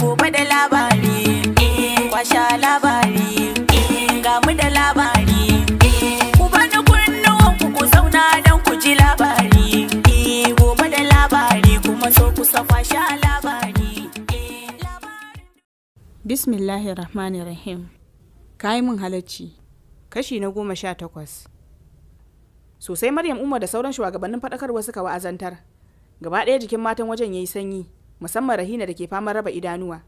gobe da labari eh, kwasha labari eh, ga mu da labari eh, ku bani kunnuwan ku ku zauna don ku ji labari gobe da labari kuma so ku safa sha labari bismillahir rahmanir rahim kayi mun halacci kashi na goma sha takwas sosai maryam umar da sauran shugabannin faɗakarwa suka wa'azantar gaba ɗaya jikin matan wajen yayi sanyi musamman rahina da ke faman raba idanuwa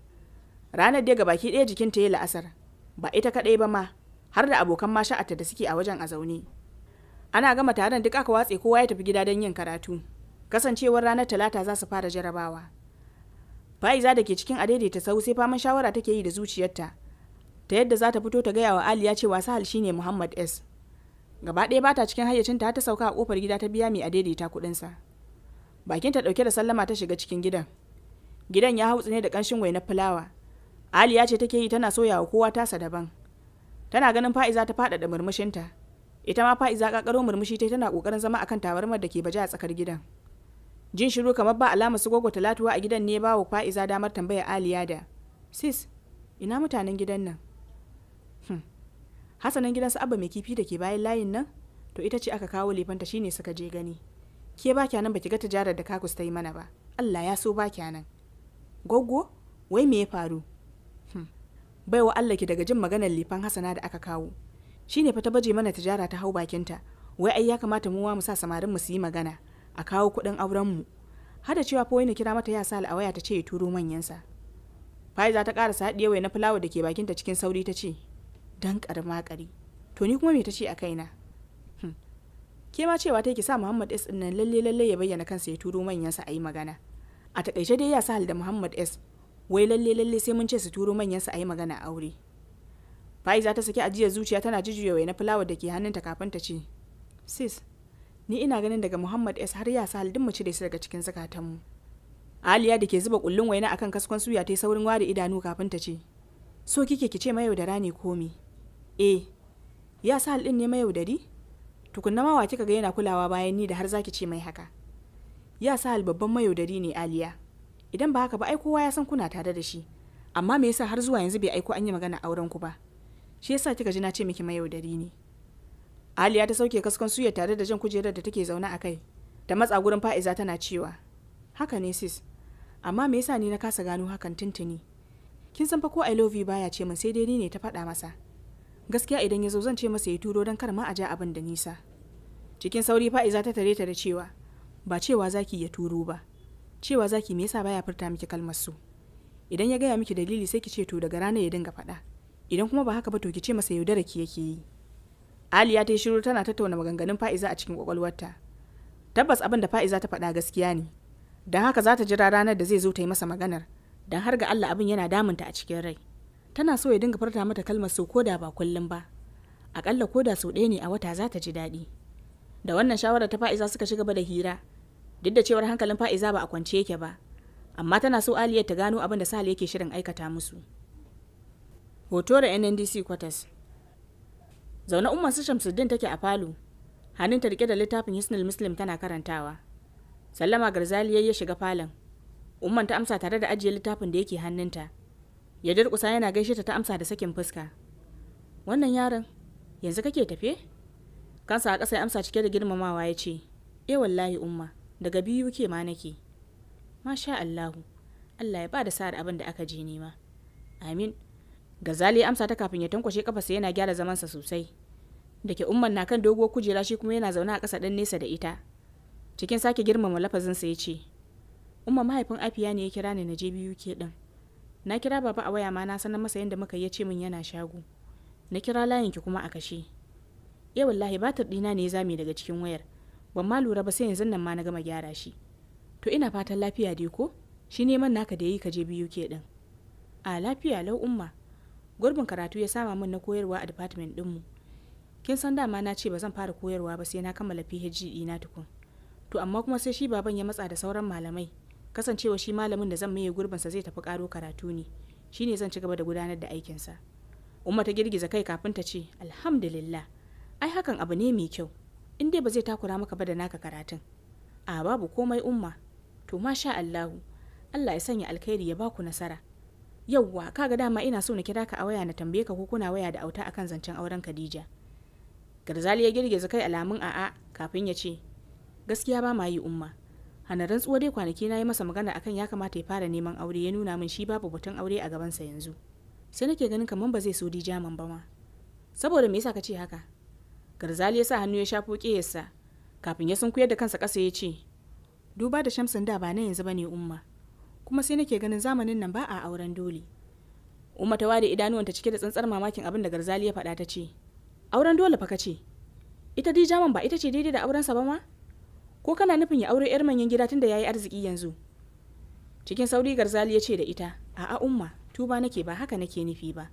ranar dai baki ɗaya jikin ta yi la'asar ba ita kaɗai ba ma har da abokan masha'ata da suke a wajen a zaune ana gama taron duk aka watse kowa ya tafi gida don yin karatu kasancewar ranar talata za su fara jarabawa fa'iza da ke cikin adaidaita sau sai faman shawara take yi da zuciyarta ta yadda za ta fito ta gaya wa aliya cewa sahal shine muhammad s gaba ɗaya bata cikin hayyacinta ta sauka a kofar gida ta biya mai adaidaita kuɗinsa bakinta ɗauke da sallama ta shiga cikin gidan gidan ya hautsu ne da ƙanshin wai na fulawa aliya ce take yi tana soya wa kowa tasa daban tana ganin fa'iza ta faɗaɗa murmushinta ita ma fa'iza ƙaƙaro murmushi ta tana ƙoƙarin zama akan tabarmar da ke baje a tsakar gidan jin shiru kamar ba alamar su gogo talatuwa a gidan ne bawa fa'iza damar tambaya aliya da sis ina mutanen gidan nan hmm. gidan su abba mai kifi da ke bayan layin nan to ita ce aka kawo lefanta shine suka je gani ke ba kyanan baki ga tijarar da kakus ta yi mana ba allah ya so ba kyanan Goggo, wai me ya faru? Hmm. Bai wa Allah ki daga jin maganar lifan Hassana da aka kawo. Shi ne fa ta baje mana tijara ta hau bakinta. Wai ai ya kamata mu wa mu sa samarin mu su yi magana a kawo kuɗin auren mu. Har cewa fa wai na kira mata ya sa al'awaya ta ce ya turo manyansa. Faiza ta ƙarasa haɗiye wai na fulawa da ke bakinta cikin sauri ta ce, Dan karma To ni kuma me ta ce a kaina? na? Hmm. Ke ma cewa ta ki sa Muhammad S ɗin nan lalle lalle ya bayyana kansa ya turo manyansa a yi magana. a takaice dai ya sahal da muhammad s wai lalle lalle sai mun ce su turo manyansa a yi magana aure fa'iza ta saki ajiyar zuciya tana wai na fulawar da ke hannunta kafin ta ce sis ni ina ganin daga muhammad s har ya sahal din mu cire su daga cikin mu aliya da ke zuba kullun waina akan kaskon suya ta yi saurin ware idanu kafin ta ce so kike ki ce mayau da rani komi eh ya sahal din ne mayaudari tukunna ma wa kika ga yana kulawa bayan ni da har zaki ce mai haka ya sa babban mayaudari ne aliya idan ba haka ba ai kowa ya san kuna tare da shi amma me yasa har zuwa yanzu bai aiko an yi magana auren ku ba shi yasa kika ji na ce miki mayaudari ne aliya ta sauke kaskon suya tare da jan kujerar da take zaune a kai ta matsa gurin fa'iza tana cewa haka ne sis amma me yasa ni na kasa gano hakan tuntuni kin san fa ko i love you baya ce min sai dai ni ne ta faɗa masa gaskiya idan ya zo zan ce masa ya turo don kar ma a ja abin da nisa cikin sauri fa'iza ta tare ta da cewa ba cewa zaki ya turo ba cewa zaki me yasa baya furta miki kalmar su idan ya gaya miki dalili sai ki ce to daga rana ya dinga faɗa idan kuma ba haka ba to ki ce masa yaudara ki yake yi aliya ta yi shiru tana tattauna maganganun fa'iza a cikin kwakwalwarta tabbas abin da fa'iza ta faɗa gaskiya ne Dan haka za ta jira ranar da zai zo ta yi masa maganar Dan har ga allah abin yana damunta a cikin rai tana so ya dinga furta mata kalmar so da ba kullum ba Aƙalla ko da sau ɗaya ne a wata za ta ji daɗi da wannan shawarar ta fa'iza suka ci gaba da hira duk da cewar hankalin fa'iza ba a kwance yake ba amma tana so aliyar ta gano abin da sahal yake shirin aikata musu hoto da nndc quarters zaune umma su shamsuddin take a falo Hannun ta rike da littafin hisnul muslim tana karantawa sallama garzali ya shiga falon umman ta amsa tare da ajiye littafin da yake hannunta ya durkusa yana gaishe ta ta amsa da sakin fuska wannan yaron yanzu kake tafe kansa a ƙasa ya amsa cike da girmamawa ya ce e wallahi umma daga biyu ke ma nake masha Allahu Allah ya ba da sa'ar abin da aka je nema amin gazali amsa ta kafin ya tankwashe kafarsa yana gyara zamansa sosai da ke umman na kan doguwar kujera shi kuma yana zaune a ƙasa ɗan nesa da ita cikin sake girmama sa ya ce umma mahaifin afiya ne ya kira ni na je biyu ke ɗin na kira baba a waya ma na sanar masa yadda muka yi ya ce min yana shago na kira ki kuma a kashe ya wallahi batar ɗina ne ya zame daga cikin wayar ban ma lura ba sai yanzu nan ma na gama gyara shi to ina fatan lafiya dai ko shi neman naka da yi ka je biyu ke din a lafiya lau umma gurbin karatu ya sama min na koyarwa a department dinmu kin san dama na ce ba zan fara koyarwa ba sai na kammala PhD dina tukun to amma kuma sai shi baban ya matsa da sauran malamai kasancewa shi malamin da zan maye gurbin sa zai tafi karo karatu ne shi ne zan ci gaba da gudanar da aikin sa. umma ta girgiza kai kafin ta ce alhamdulillah ai hakan abu ne mai kyau in dai ba zai takura maka ba da naka karatun a babu komai umma to masha Allahu Allah ya sanya alkhairi ya baku nasara yauwa kaga dama ina so na kira ka a waya na tambaye ka ko kuna waya da auta akan zancen auren Khadija Garzali ya girgiza kai alamun a'a kafin ya ce gaskiya ba ma yi umma hana rantsuwa dai kwanaki na yi masa magana akan ya kamata ya fara neman aure ya nuna min shi babu batun aure a gabansa yanzu sai nake ganin kamar ba zai so man ba ma saboda me yasa ka ce haka garzali ya sa hannu ya shafo ƙeyarsa kafin ya sunkuyar da kansa ƙasa ya ce duba da shamsin da ba na yanzu bane umma kuma sai nake ganin zamanin nan ba a auren dole umma ta ware idanuwanta cike da tsantsar mamakin abin da garzali ya faɗa ta ce auren dole fa ce ita dai jaman ba ita ce daidai da aurensa ba ma ko kana nufin ya aure yar manyan gida tunda yayi arziki yanzu cikin sauri garzali ya ce da ita a'a umma tuba nake ba haka nake nufi ba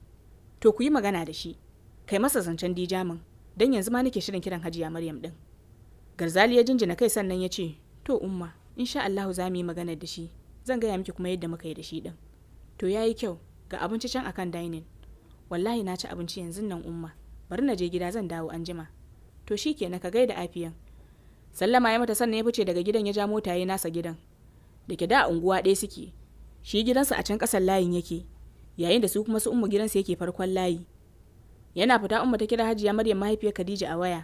to ku yi magana da shi kai masa zancen dijamin don yanzu ma nake shirin kiran hajiya maryam din garzali ya jinjina kai sannan ya ce to umma insha allahu za mu yi magana da shi zan gaya miki kuma yadda muka yi da shi din to ya yi kyau ga abinci can akan dining wallahi na ci abinci yanzu nan umma bari na je gida zan dawo an jima to shi na ka gaida afiyan sallama ya mata sannan ya fice daga gidan ya ja mota ya nasa gidan da ke da unguwa ɗaya suke shi gidansa a can ƙasar layin yake yayin da su kuma su umma gidansa yake farkon layi yana fita umma ta kira hajiya maryam mahaifiyar khadija a waya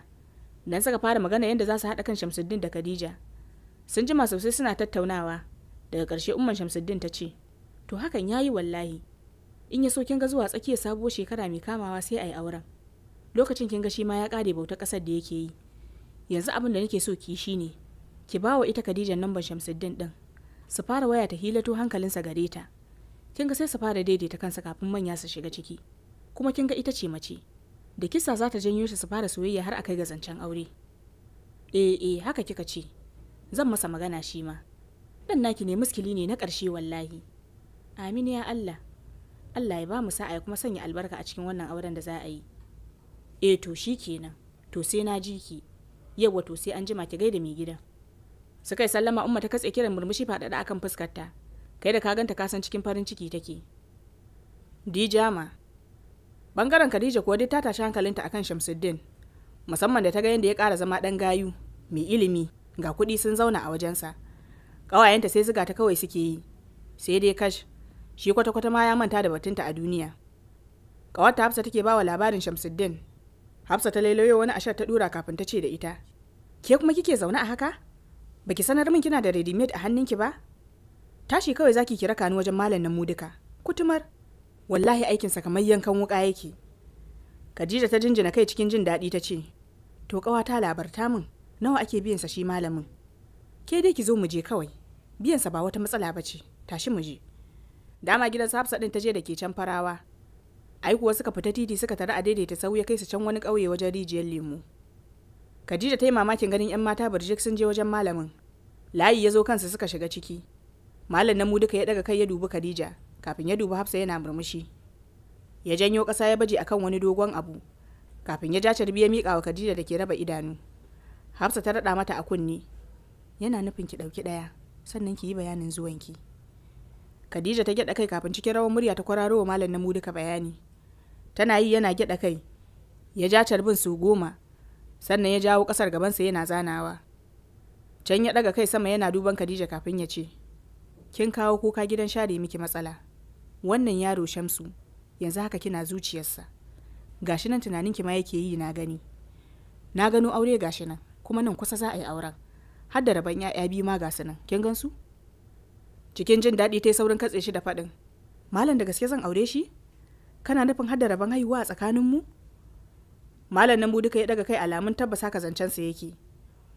dan suka fara magana yadda za su haɗa kan shamsuddin da khadija sun jima sosai suna tattaunawa daga ƙarshe umman shamsuddin ta ce to hakan ya yi wallahi in ya so kin ga zuwa tsakiyar sabuwar shekara mai kamawa sai a yi auren lokacin kin ga shi ma ya ƙare bauta ƙasar da yake yi yanzu abin da nake so ki shi ne ki ba wa ita khadija namban shamsuddin ɗin su fara waya ta hilato hankalinsa gare ta kin ga sai su fara daidaita kansa kafin manya su shiga ciki kuma kin ga ita ce mace da kisa za ta janyo shi su fara soyayya har akai kai ga zancen aure eh eh haka kika ce zan masa magana shi ma dan naki ne muskili ne na ƙarshe wallahi amin ya Allah Allah ya ba mu sa'a ya kuma sanya albarka a cikin wannan auren da za a yi eh to kenan to sai na ji ki yawa to sai an jima ki gaida mai gidan Su kai sallama umma ta katse kiran murmushi faɗaɗa akan fuskarta kai da ka ganta ka san cikin farin ciki take dijama bangaren khadija kuwa duk ta tashi hankalinta akan shamsuddin musamman da ta ga yadda ya ƙara zama ɗan gayu mai ilimi ga kuɗi sun zauna a wajensa ƙawayenta sai ziga ta kawai suke yi sai dai kash shi kwata-kwata ma ya manta da batunta a duniya ƙawarta hafsa take bawa labarin shamsuddin hafsa ta lailayo wani ashar ta ɗura kafin ta ce da ita ke kuma kike zaune a haka baki sanar min kina da redimet a hannunki ba tashi kawai zaki kira kani wajen malam nan mu duka kutumar wallahi aikinsa kamar yankan wuka yake khadija ta jinjina kai cikin jin daɗi ta ce to kawa ta labarta min nawa ake biyansa shi malamin ke dai ki zo mu je kawai biyansa ba wata matsala ba ce tashi mu je dama gidan hafsa ɗin ta je da ke can farawa ai kuwa suka fita titi suka tare a daidaita sauya kai su can wani ƙauye wajen rijiyar lemu khadija ta yi mamakin ganin 'yan mata birjik sun je wajen malamin layi ya zo kansa suka shiga ciki malam na mu duka ya daga kai ya dubi khadija kafin ya duba hafsa yana murmushi ya janyo ƙasa ya baje akan wani dogon abu kafin ya ja biya ya miƙa wa khadija da ke raba idanu hafsa ta rada mata a kunni yana nufin ki ɗauki ɗaya sannan ki yi bayanin zuwanki khadija ta gyaɗa kai kafin cikin rawar murya ta kwararo wa malam namu duka bayani tana yi yana gyaɗa kai ya ja carbin su goma sannan ya jawo ƙasar gabansa yana zanawa can ya ɗaga kai sama yana duban khadija kafin ya ce kin kawo kuka gidan share miki matsala wannan yaro shamsu yanzu haka kina zuciyarsa gashi nan tunanin ki ma yake yi na gani na gano aure gashi nan kuma nan kusa za a yi auren har da rabon ya'ya biyu ma gasu nan kin gan su cikin jin daɗi ta yi saurin katse shi da faɗin malam da gaske zan aure shi kana nufin har da rabon haihuwa a mu malam nan duka ya daga kai alamun tabbas haka zancensa yake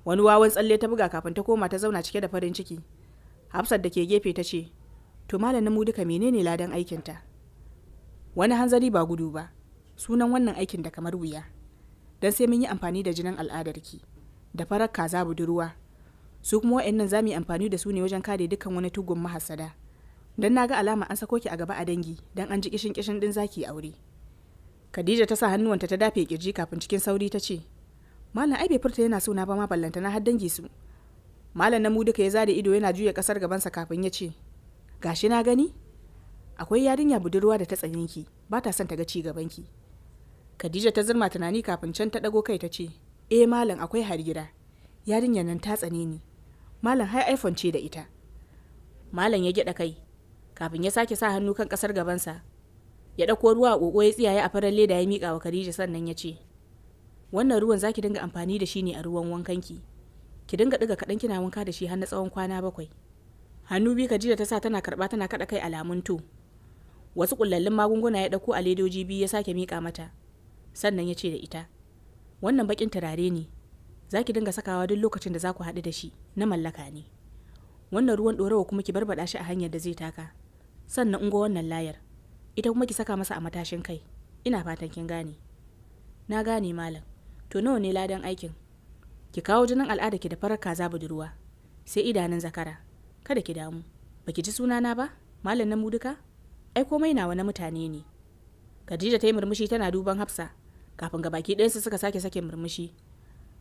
wani wawan tsalle ta buga kafin ta koma ta zauna cike da farin ciki hafsat da ke gefe ta ce to malamin mu duka menene ladan aikin ta wani hanzari ba gudu ba sunan wannan aikin da kamar wuya don sai mun yi amfani da jinin al'adarki da farar kaza budurwa su kuma wa'annan za mu yi amfani da su ne wajen kare dukkan wani tugun mahassada. dan na ga alama an sako ki a gaba a dangi don an ji kishin kishin din zaki aure khadija ta sa hannuwanta ta dafe kirji kafin cikin sauri ta ce malam ai bai furta yana so na ba ma ballanta na har dangi su malam na mu duka ya zade ido yana juya kasar gabansa kafin ya ce gashi na gani akwai yarinya budurwa da ta tsaninki ba ta son ta ga ci gabanki khadija ta zurma tunani kafin can ta ɗago kai ta ce eh malam akwai harira yarinyar nan ta tsane ni malam hai iphone ce da ita malam ya gyaɗa kai kafin ya sake sa hannu kan ƙasar gabansa ya ɗauko ruwa a ƙoƙo ya tsiyaye a farar leda ya miƙa wa khadija sannan ya ce wannan ruwan zaki dinga amfani da shi ne a ruwan wankan ki Ki dinga ɗiga kaɗan kina wanka da shi har na tsawon kwana bakwai hannu bi kajiya ta sa tana karba tana kada kai alamun to wasu kullallin magunguna ya dauko a ledoji biyu ya sake mika mata sannan ya ce da ita wannan bakin turare ne za ki dinga sakawa duk lokacin da za ku haɗu da shi na mallaka ne wannan ruwan ɗorawa kuma ki barbaɗa shi a hanyar da zai taka sannan ungo wannan layar ita kuma ki saka masa a matashin kai ina fatan kin gane na gane malam to nawa ne ladan aikin ki kawo jinin al'ada ki da farar kaza budurwa sai idanun zakara kada ki damu baki ji sunana ba malam namu duka ai komai nawa na mutane ne Khadija ta yi murmushi tana duban Hafsa kafin ga baki ɗayansu suka sake sake murmushi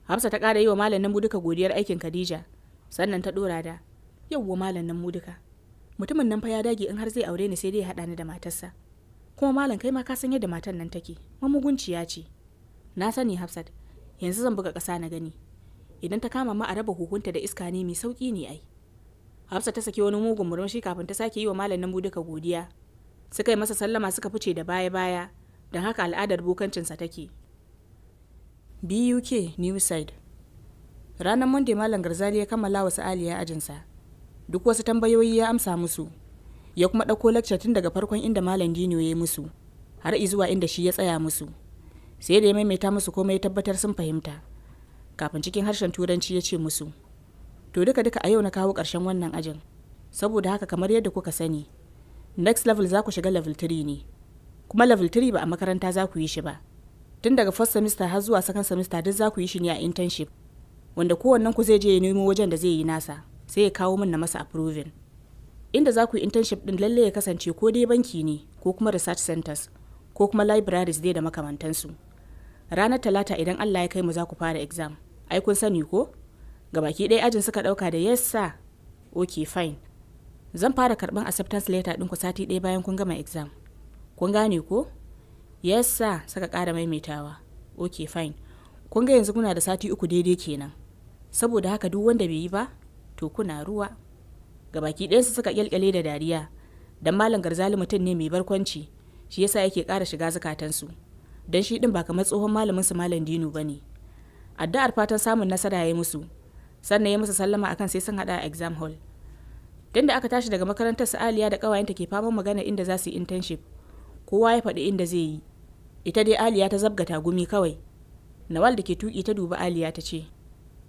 Hafsa ta ƙara yi wa malam duka godiyar aikin Khadija sannan ta ɗora da yawwa malam namu duka mutumin nan fa ya dage in har zai aure ni sai dai ya haɗa ni da matarsa kuma malam kai ma ka san yadda matan nan take mamugunciya ce na sani Hafsat yanzu zan buga ƙasa na gani idan ta kama ma a raba huhunta da iska ne mai sauƙi ne ai Hafsa ta saki wani mugun murmushi kafin ta sake yi wa malamin duka godiya. Suka yi masa sallama suka fice da baya-baya, don haka al'adar bukancinsa take. BUK Newside Ranar Monday Malam Garzali ya kammala wa Sa'aliya ajinsa. Duk wasu tambayoyi ya amsa musu, ya kuma ɗauko lecture tun daga farkon inda Malam Dino ya yi musu, har zuwa inda shi ya tsaya musu. Sai da ya maimaita musu komai tabbatar sun fahimta. Kafin cikin harshen Turanci ya ce musu. to duka duka a yau na kawo ƙarshen wannan ajin saboda haka kamar yadda kuka sani next level za ku shiga level 3 ne kuma level 3 ba a makaranta za ku yi shi ba tun daga first semester har zuwa second semester duk za ku yi shi ne a internship wanda kowannen ku zai je ya nemo wajen da zai yi nasa sai ya kawo min na masa approving inda za ku yi internship din lalle ya kasance ko dai banki ne ko kuma research centers ko kuma libraries dai da makamantansu ranar talata idan allah ya kai mu za ku fara exam ai kun sani ko gabaki ɗaya ajin suka ɗauka da yes sir fine zan fara karɓan acceptance letter ɗinku sati ɗaya bayan kun gama exam kun gane ko yes sir suka ƙara maimaitawa okay fine kun ga yanzu kuna da sati uku daidai kenan saboda haka duk wanda bai yi ba to kuna ruwa gabaki ɗayansu suka kyalkyale da dariya dan malam garzali mutum ne mai barkwanci shi yasa yake ƙara shiga zukatansu don shi ɗin ba kamar tsohon malamin su malam dino ba ne addu'ar fatan samun nasara ya yi musu sannan ya masa sallama akan sai sun hada a exam hall tun da aka tashi daga makarantar su Aliya da kawayenta ke faman magana inda za su yi internship kowa ya faɗi inda zai yi ita dai aliya ta zabga tagumi kawai nawal da ke tuki ta duba aliya ta ce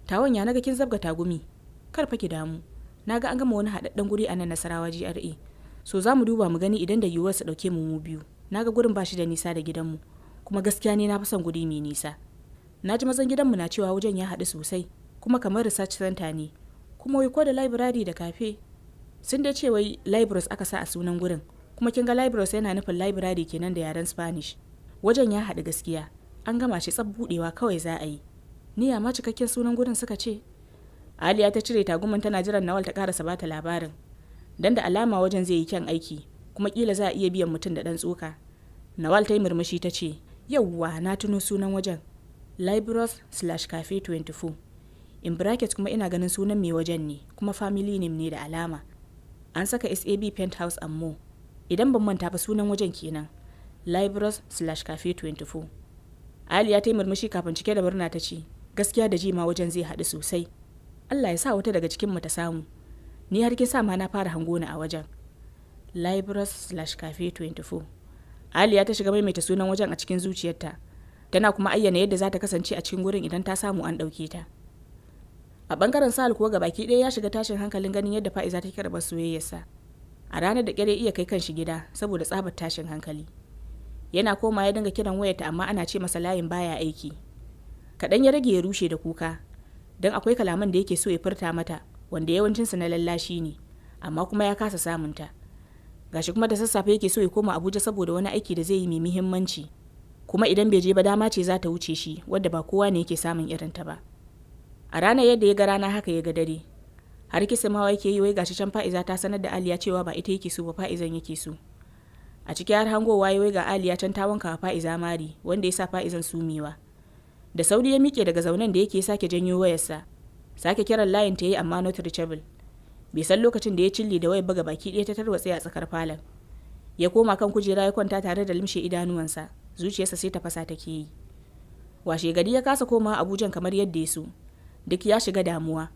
tawon ya naga kin zabga tagumi kar fa ki damu na ga an gama wani haɗaɗɗen guri a nan nasarawa GRA so za mu duba mu gani idan da yiwuwar su ɗauke mu mu biyu na ga gurin bashi da nisa da gidanmu kuma gaskiya ne na fi son guri mai nisa na ji mazan gidanmu na cewa wajen ya haɗu sosai kuma kamar research center ne kuma wai ko da library da kafe? sun da cewa wai libraries aka sa a sunan gurin kuma kin ga libraries yana nufin library kenan da yaren spanish wajen ya haɗu gaskiya an gama shi tsab budewa kawai za a yi niya ma cikakken sunan gurin suka ce aliya ta cire tagumin tana jiran nawal ta karasa bata labarin dan da alama wajen zai yi kyan aiki kuma kila za a iya biyan mutum da dan tsoka nawal ta yi murmushi ta ce yauwa na tuno sunan wajen libros slash cafe 24 in bracket kuma ina ganin sunan mai wajen ne kuma family name ne da alama an saka sab penthouse and more idan ban manta ba sunan wajen kenan libraries slash cafe 24 ali ya ta yi murmushi kafin cike da murna ta ce gaskiya da jima wajen zai haɗu sosai allah ya sa wata daga cikin mu ta samu ni har kin sa ma na fara hangona a wajen libraries slash cafe 24 ali ya ta shiga maimaita sunan wajen a cikin zuciyarta tana kuma ayyana yadda za ta kasance a cikin gurin idan ta samu an ɗauke ta a bangaren sahal kuwa gabaki ɗaya ya shiga tashin hankalin ganin yadda fa'iza ta karɓar soyayyarsa a ranar da kere iya kai kanshi gida saboda tsabar tashin hankali yana koma ya dinga kiran wayarta amma ana ce masa layin baya aiki kaɗan ya rage ya rushe da kuka don akwai kalaman da yake so ya furta mata wanda yawancinsa na lallashi ne amma kuma ya kasa samunta gashi kuma da sassafe yake so ya koma abuja saboda wani aiki da zai yi mai muhimmanci kuma idan bai je ba dama ce za ta wuce shi wadda ba kowa ne yake samun irinta ba a ranar yadda ya ga rana haka ya ga dare har kisa wai ke yi wai gashi can fa'iza ta sanar da aliya cewa ba ita yake so ba fa'izan yake so a ciki har hangowa ya wai ga aliya can ta wanka fa'iza mari wanda ya sa fa'izan sumewa da sauri ya miƙe daga zaunen da yake sake janyo wayarsa sake kiran layin ta yi amma not reachable bai san lokacin da ya cille da wayar baga baki ɗaya ta tarwatse a tsakar falon ya koma kan kujera ya kwanta tare da limshe idanuwansa zuciyarsa sai ta fasa take yi washe gari ya kasa komawa abujan kamar yadda ya so duk ya shiga damuwa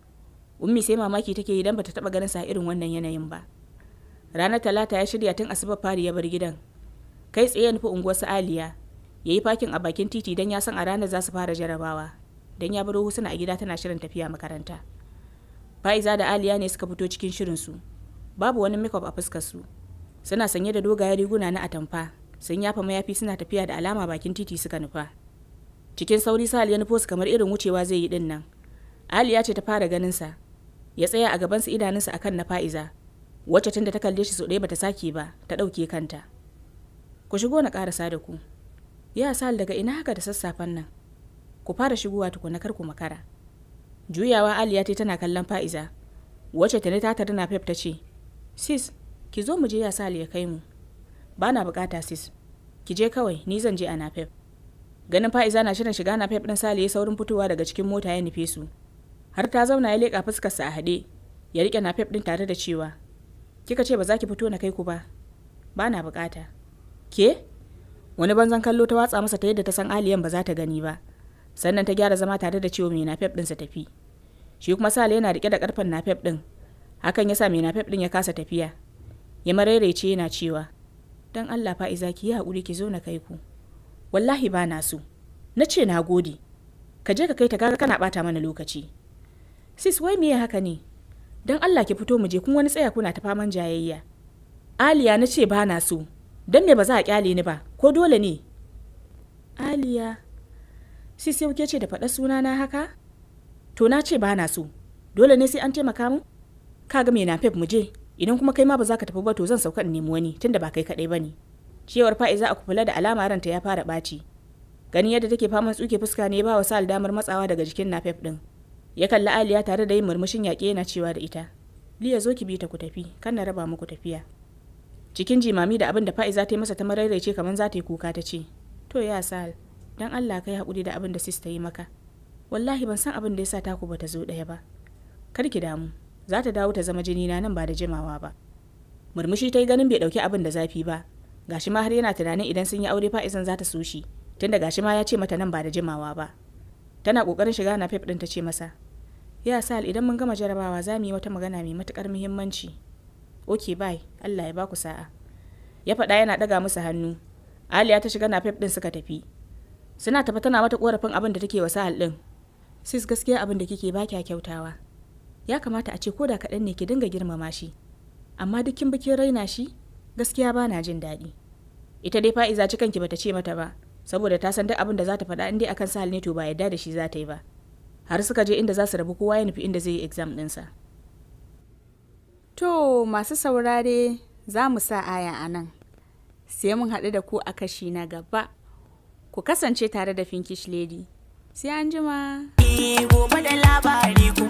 ummi sai mamaki take idan bata taba ganin sa irin wannan yanayin ba ranar talata ya shirya tun asuba fari ya bar gidan kai tsaye nufi unguwar su aliya ya yi fakin a bakin titi don ya san a ranar za su fara jarabawa don ya baro husuna a gida tana shirin tafiya makaranta fa'iza da aliya ne suka fito cikin shirin su babu wani makeup a fuskar su suna sanye da dogayen riguna na atamfa sun yafa mayafi suna tafiya da alama bakin titi suka nufa cikin sauri sahal ya nufo su kamar irin wucewa zai yi din nan Aliya ce ta fara ganinsa, ya tsaya a gaban gabansa idanunsa a kan na fa'iza, wacce tun da ta kalle shi sau ɗaya bata sake ba, ta ɗauke kanta. Ku shigo na ƙarasa da ku. Ya sal daga ina haka da sassafen nan. Ku fara shigowa tukuna kar ku makara. Juyawa Aliya ce tana kallon fa'iza, wacce ta ta tare na fef ta ce, Sis, ki zo mu je ya sal ya kai mu. Bana na bukata sis, ki je kawai ni zan je a na Ganin fa'iza na shirin shiga na fef ɗin sal ya saurin fitowa daga cikin mota ya nufe su. har ta zauna ya leƙa fuskarsa a haɗe ya riƙe nafef ɗin tare da cewa kika ce ba za ki fito na kai ku ba ba na buƙata ke wani banzan kallo ta watsa masa ta yadda ta san aliyan ba za ta gani ba sannan ta gyara zama tare da cewa mai nafef ɗinsa tafi shi kuma sale yana riƙe da ƙarfen nafef ɗin hakan ya sa mai nafef ɗin ya kasa tafiya ya marairaice yana cewa don allah fa'iza ki yi haƙuri ki zo na kai ku wallahi ba na so na ce na gode ka je ka kai ta kaga kana bata mana lokaci sis wai miye haka ne don allah ki fito mu je kun wani tsaya kuna ta faman jayayya aliya na ce ba na so don me ba za a kyale ni ba ko dole ne aliya sis yau ke ce da faɗa na haka to na ce ba na so dole ne sai an taimaka mu kaga me na fef mu je idan kuma kai ma ba za ka tafi ba to zan sauka in nemi wani tunda ba kai kaɗai ba ne cewar fa'iza a ku kula da alama ranta ya fara ɓaci gani yadda take faman tsuke fuska ne ba wa sal damar matsawa daga jikin nafef ɗin ya kalli aliya tare da yin murmushin yaƙe yana cewa da ita liya zo ki bi ta ku tafi kan na raba muku tafiya cikin jimami da abin da fa'iza ta yi masa ta mararaice kamar za ta yi kuka ta ce to ya sal dan allah kai haƙuri da abin da sis ta yi maka wallahi ban san abin da ya sa taku ta zo ɗaya ba kar ki damu za ta dawo ta zama jini na nan ba da jimawa ba murmushi ta yi ganin bai ɗauki abin da zafi ba gashi ma har yana tunanin idan sun yi aure fa'izan za ta so shi tunda gashi ma ya ce mata nan ba da jimawa ba tana ƙoƙarin shiga na fef ɗin ta ce masa ya sal idan mun gama jarabawa za mu yi wata magana mai matukar muhimmanci ok bye allah ya baku sa'a ya faɗa yana ɗaga musu hannu aliya ta shiga nafef ɗin suka tafi suna tafi tana mata korafin abin da take wa sahal ɗin sis gaskiya abin da kike ba kya kyautawa ya kamata a ce ko da kaɗan ne ki dinga girmama shi amma duk kin bikin raina shi gaskiya ba na jin daɗi ita dai fa'iza cikanki bata ce mata ba saboda ta san duk abin da za ta faɗa in dai akan sahal ne to ba yadda da shi za ta yi ba har suka je inda za su rabu kowa ya nufi inda zai yi exam ɗinsa. To masu saurare za mu sa aya a nan, sai mun haɗu da ku a kashi na gaba. Ku kasance tare da Finkish Lady. Sai an jima. gobe